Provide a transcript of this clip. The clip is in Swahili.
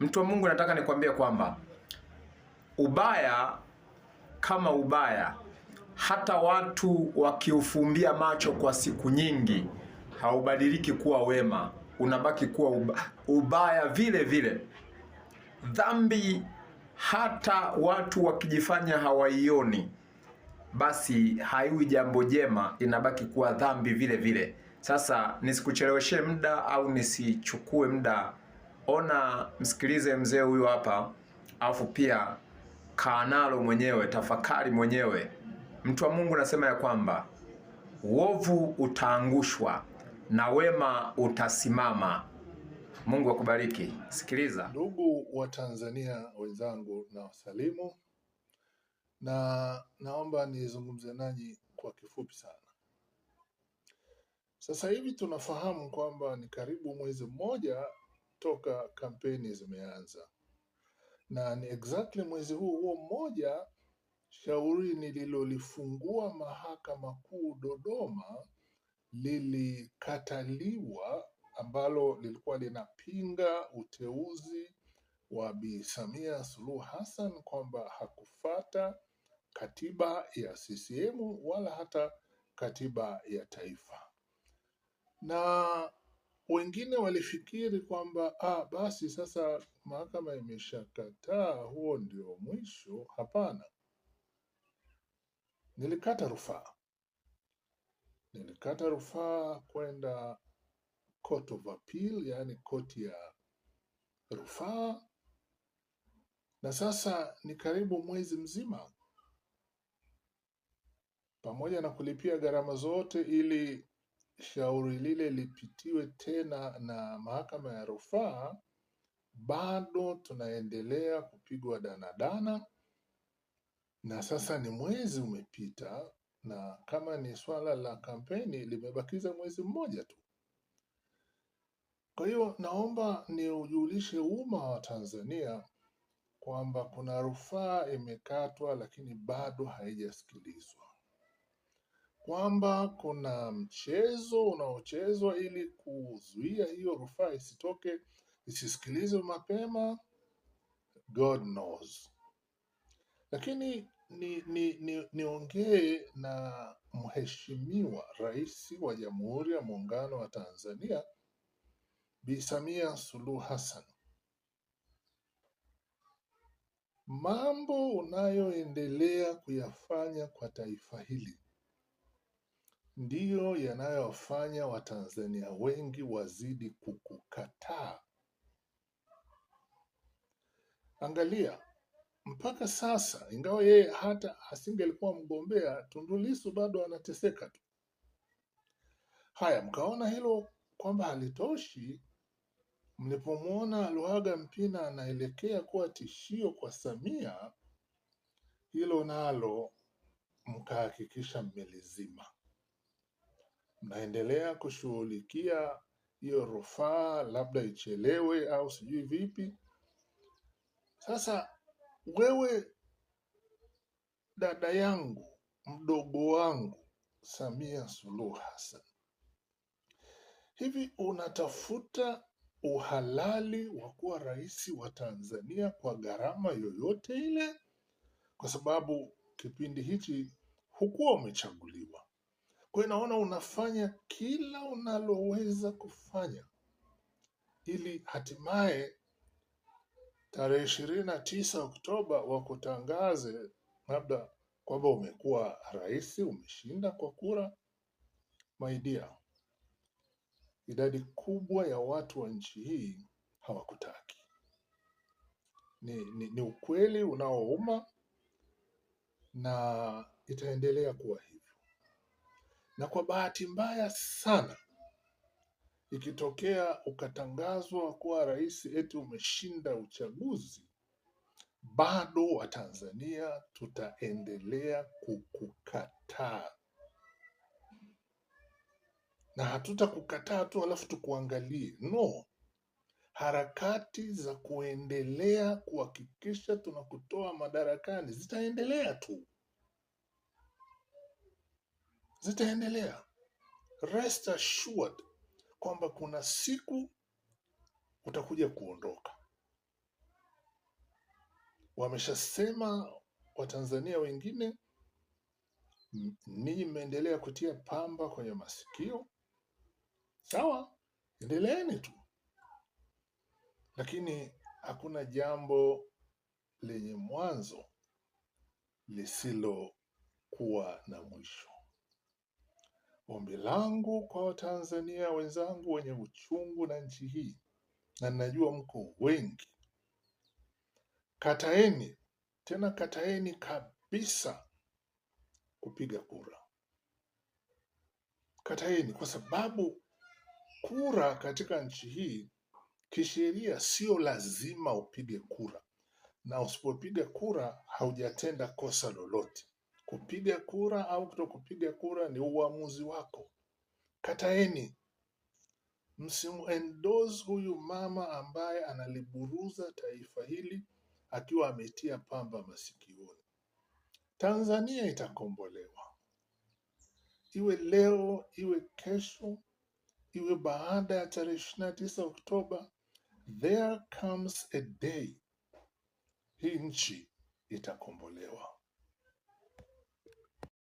Mtu wa Mungu, nataka nikwambie kwamba ubaya kama ubaya, hata watu wakiufumbia macho kwa siku nyingi haubadiliki kuwa wema, unabaki kuwa ubaya, vile vile. Dhambi hata watu wakijifanya hawaioni basi haiwi jambo jema, inabaki kuwa dhambi vile vile. Sasa nisikucheleweshe muda au nisichukue muda ona, msikilize mzee huyu hapa, afu pia kaanalo mwenyewe, tafakari mwenyewe. Mtu wa Mungu nasema ya kwamba uovu utaangushwa na wema utasimama. Mungu akubariki. Sikiliza ndugu wa Tanzania wenzangu, na wasalimu na naomba nizungumze nanyi kwa kifupi sana. Sasa hivi tunafahamu kwamba ni karibu mwezi mmoja toka kampeni zimeanza, na ni exactly mwezi huu huo mmoja shauri nililolifungua Mahakama Kuu Dodoma lilikataliwa, ambalo lilikuwa linapinga uteuzi wa Bi Samia Suluhu Hassan kwamba hakufata katiba ya CCM wala hata katiba ya taifa na wengine walifikiri kwamba ah, basi sasa mahakama imeshakataa, huo ndio mwisho. Hapana, nilikata rufaa, nilikata rufaa kwenda court of appeal, yaani koti ya rufaa, na sasa ni karibu mwezi mzima pamoja na kulipia gharama zote ili shauri lile lipitiwe tena na mahakama ya rufaa, bado tunaendelea kupigwa danadana, na sasa ni mwezi umepita, na kama ni swala la kampeni limebakiza mwezi mmoja tu. Kwa hiyo naomba niujulishe umma wa Tanzania kwamba kuna rufaa imekatwa, lakini bado haijasikilizwa kwamba kuna mchezo unaochezwa ili kuzuia hiyo rufaa isitoke, isisikilizwe mapema, God knows. Lakini niongee ni, ni, ni na Mheshimiwa Rais wa Jamhuri ya Muungano wa Tanzania Bi Samia Suluhu Hassan, mambo unayoendelea kuyafanya kwa taifa hili ndiyo yanayofanya Watanzania wengi wazidi kukukataa. Angalia mpaka sasa, ingawa yeye hata asingelikuwa mgombea, Tundu Lissu bado anateseka tu. Haya, mkaona hilo kwamba halitoshi, mlipomwona Luhaga Mpina anaelekea kuwa tishio kwa Samia, hilo nalo mkahakikisha mmelizima mnaendelea kushughulikia hiyo rufaa, labda ichelewe au sijui vipi. Sasa wewe dada yangu, mdogo wangu Samia Suluhu Hassan, hivi unatafuta uhalali wa kuwa rais wa Tanzania kwa gharama yoyote ile? Kwa sababu kipindi hichi hukuwa umechaguliwa, kwa hiyo naona unafanya kila unaloweza kufanya ili hatimaye tarehe ishirini na tisa Oktoba wakutangaze labda kwamba umekuwa rais, umeshinda kwa kura. maidia idadi kubwa ya watu wa nchi hii hawakutaki. Ni, ni, ni ukweli unaouma na itaendelea kuwa hivi. Na kwa bahati mbaya sana, ikitokea ukatangazwa kuwa rais eti umeshinda uchaguzi, bado Watanzania tutaendelea kukukataa na hatutakukataa tu alafu tukuangalie. No, harakati za kuendelea kuhakikisha tunakutoa madarakani zitaendelea tu zitaendelea. Rest assured kwamba kuna siku utakuja kuondoka. Wameshasema Watanzania wengine, ninyi mmeendelea kutia pamba kwenye masikio, sawa, endeleeni tu, lakini hakuna jambo lenye mwanzo lisilokuwa na mwisho. Ombi langu kwa Watanzania wenzangu wenye uchungu na nchi hii, na ninajua mko wengi, kataeni tena, kataeni kabisa kupiga kura, kataeni, kwa sababu kura katika nchi hii kisheria sio lazima upige kura, na usipopiga kura haujatenda kosa lolote. Kupiga kura au kutokupiga kura ni uamuzi wako. Kataeni, msimendorse huyu mama ambaye analiburuza taifa hili akiwa ametia pamba masikioni. Tanzania itakombolewa, iwe leo, iwe kesho, iwe baada ya tarehe 29 Oktoba. There comes a day, hii nchi itakombolewa.